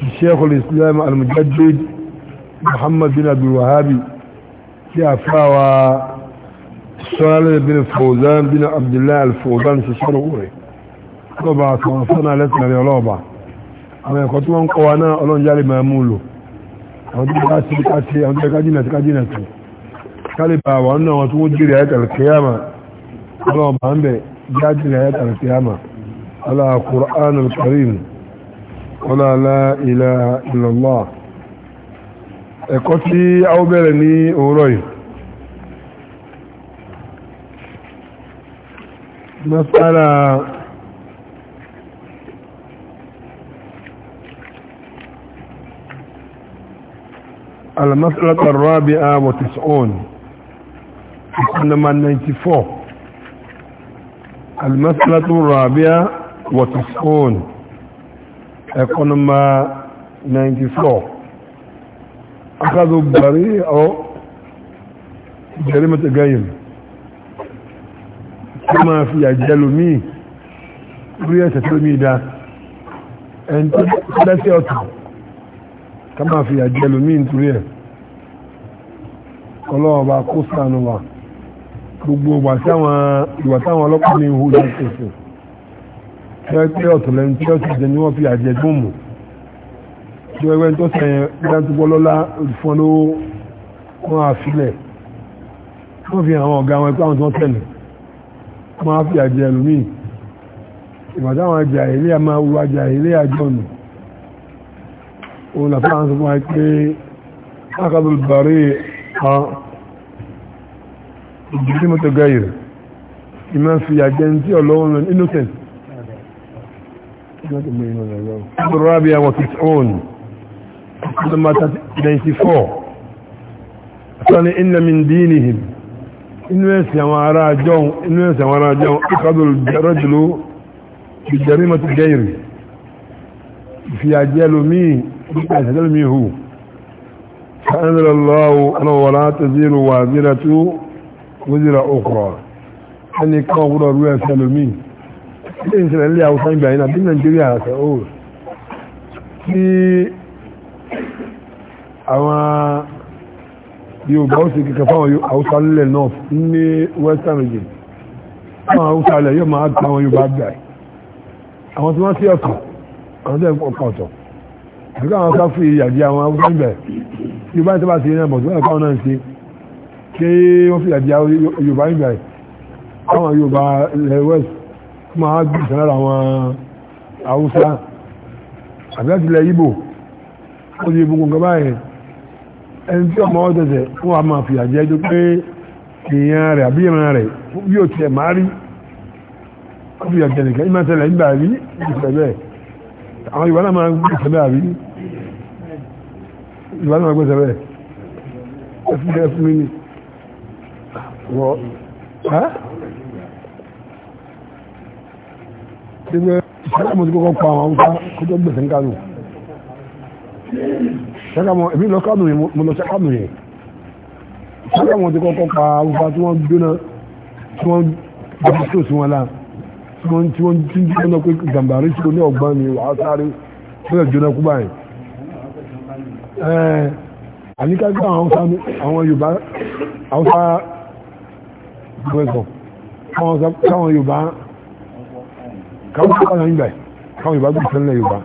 الشيخ الإسلام المجدد محمد بن عبد الوهاب شافا صالح بن فوزان بن عبد الله الفوزان سسر أوري طبعا توفنا لسنا لعلوبة أما يقولون قوانا ألون جالي مامولو أولون كاسي كاسي أولون كادينة كادينة كالبا وأنا وتوجد رعاية القيامة اللهم بحمد جاد رعاية القيامة على القرآن الكريم ولا لا إله إلا الله ẹ̀kọ́tí a ó bẹ̀rẹ̀ ní òwúrọ̀ yìí mọ́sára alamọ́sára rọ́bí a wọ́tísọ́n ìkọ́nàmà 94 alamọ́sára rọ́bí a wọ́tísọ́n ẹ̀kọ́ nọmba 94 akádó bàrí ọ jẹrìmọ́tò gáyìm tí máa fi àjẹ́ lómi lórí ẹ̀sẹ̀ tó mi dá ẹni tó dẹ́sẹ̀ ọ̀tọ̀ ká máa fi àjẹ́ lómi nítorí ẹ̀ ọlọ́ọ̀bá kó sànù wa gbogbo ìwà táwọn ọlọ́pàá ní ìhù ìdájọ́ ìṣẹ̀ṣẹ̀ pé ọ̀tún lẹ́nu tí ó ti jẹ ní wọ́n fi àjẹ tó mù tí ó ẹgbẹ́ tó sẹ̀yẹn dáńtúgbọ́ lọ́lá olùfọ́n ló wọ́n á filẹ̀ wọ́n fi àwọn ọ̀gá wọn ẹgbẹ́ àwọn tó tẹ̀lé wọ́n á fi àjẹ ẹlòmíì ìbàdàn àwọn àjà ilé àmà wo àjà ilé àjọ nù òun làfẹ́ àwọn sọ fún wa pé káàkiri bàrí kan ìdílé mọ́tò gáyìrì ìmọ̀ fi àjẹ ní tí ọlọ́run innocent الرابعة وتسعون لما تنسي فوق أصلا إن من دينهم إنه يسمى راجعون إنه يسمى راجعون أخذوا الرجل بجريمة الجير في أجيال مين أجيال مين هو فأنزل الله أنه ولا تزيل وازرة وزرة أخرى أني كان قرر ويسأل مين ilé ìṣẹ̀lẹ̀ ilé haúsá ń gbà yín àbí nàìjíríà àṣẹ ó tí àwọn yorùbá ó sì kíkà fáwọn haúsá nílẹ̀ north ní western region fáwọn haúsá ilẹ̀ yóò máa gba àwọn yorùbá gbà àwọn tí wọ́n sí ọ̀tọ̀ àwọn tí wọ́n pọ̀ ọ̀tọ̀ àbíkọ́ àwọn ká fi ìyàjì àwọn haúsá ń bẹ̀ yorùbá ìtọ́ba ti yẹn bọ̀ tí náà ń ṣe kí wọ́n fi ìyàjì yorùbá ń bẹ̀ àwọn yorùbá ilẹ̀ west máa gbé ìsànlára àwọn haúsá àbí láti ilẹ̀ yíbò ó di gbogbo nǹkan báyìí ẹni tí ọmọ ọ̀tẹ̀tẹ̀ wọ́n a máa fìyà jẹ́ tó pé èèyàn rẹ̀ àbí ìran rẹ̀ bí ó tiẹ̀ máa rí ó fìyà jẹ nìkan ìmọ̀ tẹ̀lẹ̀ nígbà rí ìṣẹ̀ bẹ́ẹ̀ àwọn ìwà náà máa ń gbé ìṣẹ̀ bẹ́ẹ̀ ìwà náà máa gbé ìṣẹ̀ bẹ́ẹ̀ ẹ fún mi ni wọ́n ṣígbẹ́ ṣẹ́gbẹ́mọ̀ tí kọ́kọ́ pa àwọn ọmọ kọjọ́ gbẹ̀sẹ̀ ń kánù ṣẹ́gbẹ́mọ̀ èmi lọ kánù yẹn mo lọ ṣẹ́gbẹ́mọ̀ yẹn ṣẹ́gbẹ́mọ̀ tí kọ́kọ́ pa àwọn tí wọ́n gbóná tí wọ́n gbàgbé tó sí wọn lá tí wọ́n tí wọ́n tí wọ́n lọ pé gàmbà rí sí ní ọ̀gbọ́n mi wàá sáré bẹ́ẹ̀ jóná kú báyìí káwọn tó kọ́nà nígbà káwọn yorùbá gbé ìtẹ́lẹ̀ yorùbá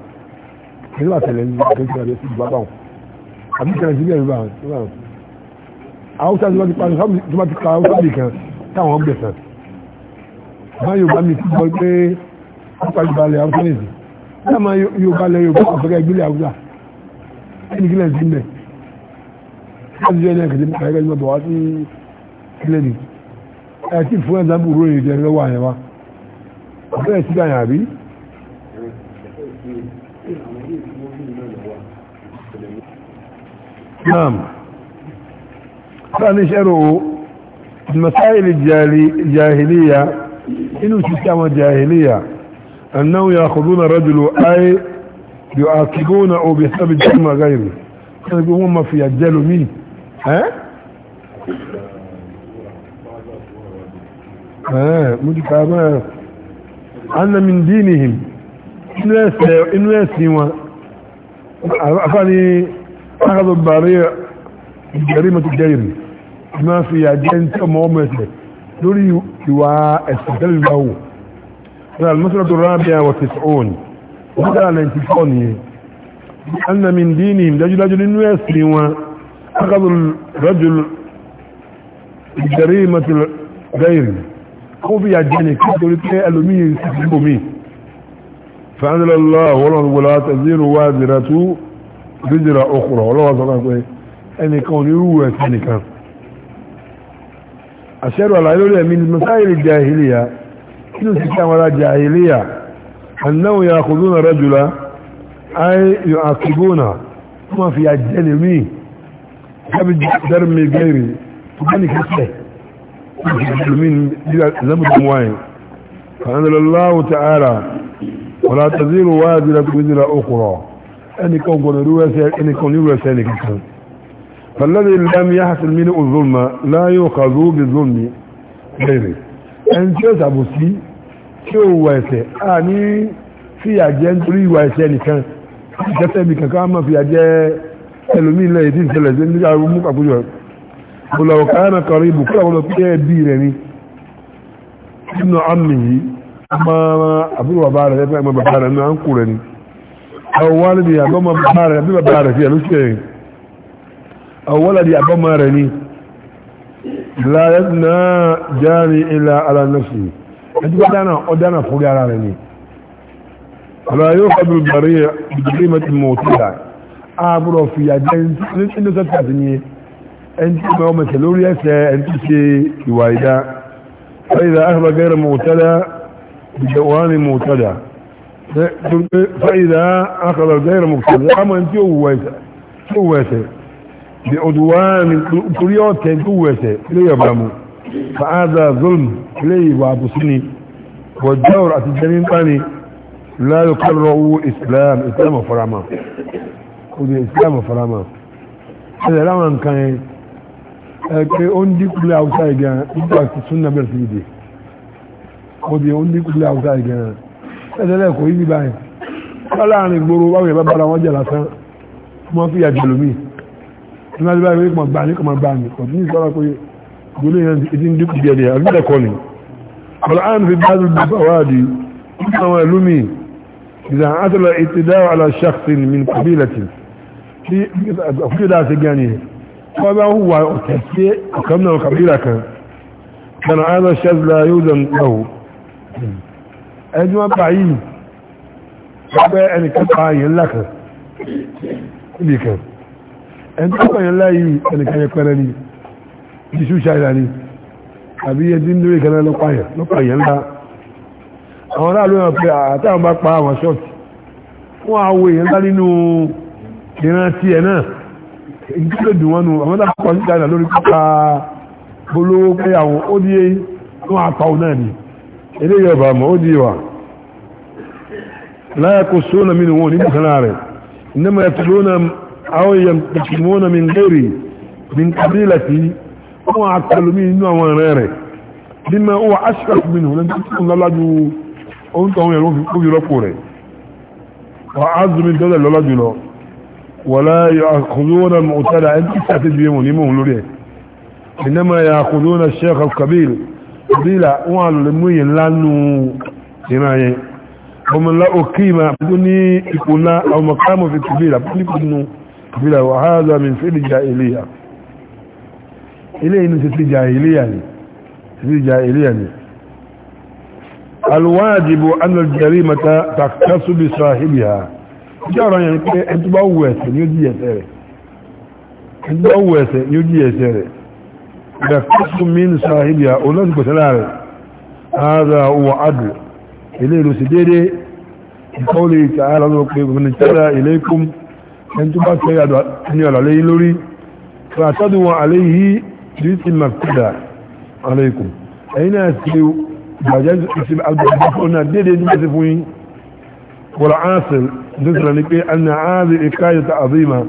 kìí wà tẹ̀lé ní kẹ́kẹ́ rẹ̀ sí ìbábà wọn àbí tẹ̀lé sí ìbẹ̀rù bá wọn haúsá tó bá ti pa tó bá ti pa haúsá bì kan táwọn gbẹ̀sán bá yorùbá mi ti gbọ́ pé wọ́n pa yorùbá lẹ̀ haúsá nìyí náà máa yorùbá lẹ̀ yorùbá àfẹ́kẹ́ ìgbélé haúsá ẹni kílẹ̀ sí mẹ́ láti jẹ́ ẹni kẹ̀kẹ́ mọ́ bọ̀ wá sí kílẹ̀ ni ẹ̀ tí fún ẹ̀ bẹ́ẹ̀ sí dáyà rí naam sáàni ṣẹ́rọ masáìlì jahiliya inú ti sí àwọn jahiliya annáwó ya kùdú na rajulu ayé yóò àkíkó na obi sábi jẹ́ magairi sáàni pé wọ́n ma fi àjẹ́lò mí ẹ́ mú ti kàá mẹ́rin أن من دينهم الناس الناس و أفاني أخذوا البارية جريمة الجير ما في عجين تم ومثل دوري يواء السجل له المسرة الرابعة وتسعون هذا الانتفون أن من دينهم لجل أجل الناس و أخذوا الرجل جريمة الجير kó fi yà jẹ́ nìkan torí pé ẹlòmíì síbò mí fàánilọ́lọ́ ọ̀wọ́lọ́n wọlá tẹ̀síìrù wá zìrà tú zìrà ọkùnrọ̀ ọlọ́wọ́ sọ́nà pé ẹnìkan onírú ẹ̀sẹ̀ nìkan àṣẹ́rù àlàyé lórí ẹ̀mí masáìlì jahiliya kí ló sì kí àwọn ará jahiliya annáwó ya kò zónà tó bá nìkan sẹ́ẹ̀ المسلمين ذنب موين فأنزل الله تعالى ولا تزيل وازلة وزر أخرى أن يكون قد أن يكون يرسل فالذي لم يحصل منه الظلم لا يؤخذ بالظلم غيره أن تسعب سي tí ó wà ẹ̀ṣẹ̀ a ní fìyà jẹ nítorí ìwà ẹ̀ṣẹ̀ nìkan ìjẹ́sẹ̀ mi kankan máa fìyà jẹ ẹlòmíì lẹ́yìn ولو كان قريب كلا ولو كيبي رني ابن عمه ما أبو بابار ما بابار أنا أنكرني أو والدي أبو ما بابار أبو بابار فيها لسه أو ولدي أبو ما رني لا يدنا جاري إلا على نفسي أنت أدانا أدانا فوق على رني ولا يؤخذ البريء بجريمة الموتى أبو رفيع جنس إنه تتعبني ẹni tí wọ́n mẹ́sẹ̀ lórí ẹsẹ̀ ẹni tí ṣe ìwà ìdá fa'ida ahba gaira mu'tada bidawani mu'tada fa'ida akhaba gaira mu'tada ama ẹni tí ó wù ẹsẹ̀ bi udwani torí ọ̀tẹ̀ tó wù ẹsẹ̀ ilé yọba mu fa'ada zulm ilé ìwà àbùsùnì wọ̀dáwọ̀ àti jẹ́rin pani láyọ̀ kọ́rọ̀ owó islam islam ọ̀farama kò dé islam ọ̀farama ẹ̀rẹ̀ láwọn nǹkan yẹn ẹ̀kẹ́ ó ń dínkùlẹ̀ haúsá ìgẹ̀rẹ̀ nígbà tí súnà bẹ̀rẹ̀ sí ìdè ọdí ó ń dínkùlẹ̀ haúsá ìgẹ̀rẹ̀ ẹ̀tẹ́lẹ̀ kò yí báyìí láàrin gbòòrò wáwẹ̀ bá bára wọn jẹ́ lásán wọ́n fi àjẹ́ lómi ìrìnàjò báyìí wípọ̀ gbà ní kọmọ gbà ní kọ̀tún ìsọ́ra pé gbòòrò yẹn ti ń dínkùlẹ̀ ẹ̀dẹ̀ àbídẹ̀kọ́ ni ọ̀làán fi bá dùn bá wà di àwọn ìlú mi ìdàn àtọ̀lọ̀ ìtìdáwà aláṣàkṣin min kàbílẹ̀ tì فما هو تهسيء وكمنا وكبيرة كان كان هذا الشاذ لا يوزن له أجمع بعيد فبقى أن كفعا يلاك إذي كان أن كفعا يلاي أن كان يكفرني بشو شايلاني أبي يدين دوي كان لقايا لقايا لا أولا لو يبقى أعطاهم بقى ما شوت wọ́n àwọ̀ èèyàn lá nínú ìrántí ẹ̀ náà nǹkan lè dùn wọn nù àwọn náà kọ́ nígbà náà lórí pípa bolówó pé àwọn ó di wọn àpáwò náà ni eléyìí ọba àmọ́ ó di wà láyà kò sóònà mi nìwọ̀n nígbà kan náà rẹ̀ إنما يقتلون أو ينتقمون من غيري من قبيلتي هو عقل من نوع غيره لما هو أشرف منه لن تكون للاجو أنت هم يلوم في كل رفوره وأعز من دولة للاجو له ولا يأخذون المؤتلع انت تتجيهم نموهم لوليه إنما يأخذون الشيخ الكبير قبيلة وعلى المية لأنه جماعي ومن لا أقيم بني يكون أو مقام في الكبيلة قبيلة وهذا من فعل الجاهلية إليه نسيت الجاهلية الجاهلية الواجب أن الجريمة تقتص بصاحبها ìjọ ọ̀rọ̀ yẹn pé ẹni tó bá wù ẹ̀ṣẹ̀ ni ó jí ẹ̀ṣẹ̀ rẹ̀ ẹni tó bá wù ẹ̀ṣẹ̀ ni ó jí ẹ̀ṣẹ̀ rẹ̀ bẹ̀ kọ́sù min sahibiya olóòtú pẹ̀sẹ̀lá rẹ̀ ara wọ adù ilé ìlú sí déédéé ìkọ́lé ìtàhálà ló pé gbogbo ìtàhálà ilé kún ẹni bá fẹ́ yàdọ̀ ní ọ̀làlẹ́ lórí fàtàdù wọn àlẹ́ yìí tí ti màkúdà alaykum ẹ̀yìn náà ti bàjẹ́ ìsinmi àgbẹ̀dẹ̀ nítorí ní pé ẹni àárí ìkáyọ̀tà àríma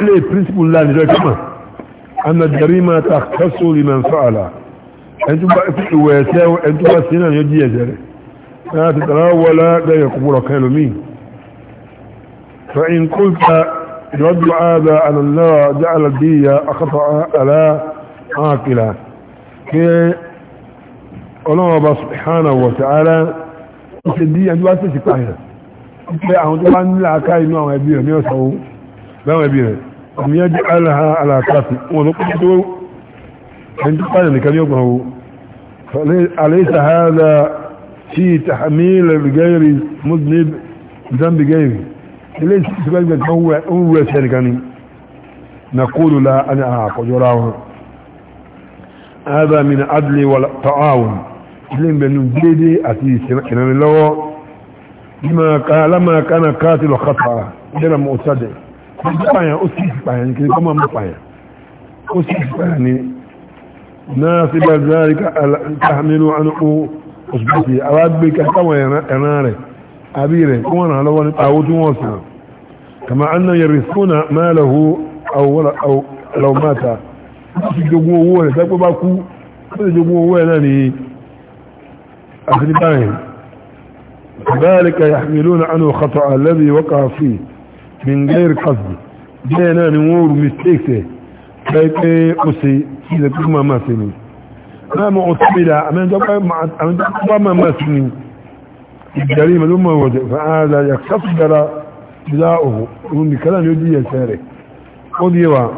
ilé príncipù ńlá nìjọ kímọ̀ ẹni jẹrìmà ta kẹsù lìmọ̀ fàálà ẹni tó bá fi ìwẹ̀ ẹ̀ṣẹ̀ ẹni tó bá sí náà yóò jí ẹ̀jẹ̀ rẹ̀ ẹni àti tàrà wọlá gẹ́gẹ́ kúkúrọ̀ kẹlòmí فإن قلت رد هذا أن الله جعل الدية أخطأ على عاقلة كي الله سبحانه وتعالى ṣe bí ẹni wá sí ti pààyàn pé àwọn tó bá ń nílà aká inú àwọn ẹbí rẹ̀ ní ọ̀sán owó láwọn ẹbí rẹ̀ àmì ẹjẹ́ aláha aláàkáàtì wọn ló pẹ́ tó ẹni tó pààyàn nìkan ní ọgbọ̀n owó alaysa hadha fi هذا من عدل والتعاون ilé ìbẹ̀nu déédé àti ìṣẹ̀rẹ̀lọ́wọ́ alámà kánà káàtì lọ kàtàrà jẹ́rà mọ́ ọ̀sádẹ̀ pààyàn ó sì pààyàn kiri kọ́ máa mọ́ pààyàn ó sì pààyàn ni náà sí bá záàrí káàmínú anúkú òṣùpùsì alágbé káwọn ẹ̀rán rẹ̀ àbí rẹ̀ kí wọ́n ràn lọ́wọ́ nípa أخذبائهم ذلك يحملون عنه خطأ الذي وقع فيه من غير قصد جينا نمور مستيكته كيكي أسي إذا كما ما سنين ما معتملة أمن كما ما ما سنين الجريمة لما وجه فهذا يقتصد جزاؤه ومن كلام يدي يساره قضيوا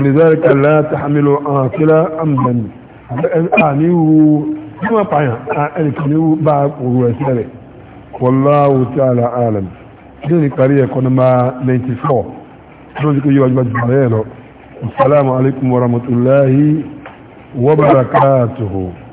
لذلك لا تحملوا آكلا أمدا أعنيه tí wọ́n pààyàn ẹnìkan ní bá òru wallahu ta'ala alam ní ní parí ẹ̀kọ́ nọ́mbà 94 tó ti kó yíwájú bá ti bàrẹ̀ lọ assalamu alaikum warahmatullahi wabarakatuhu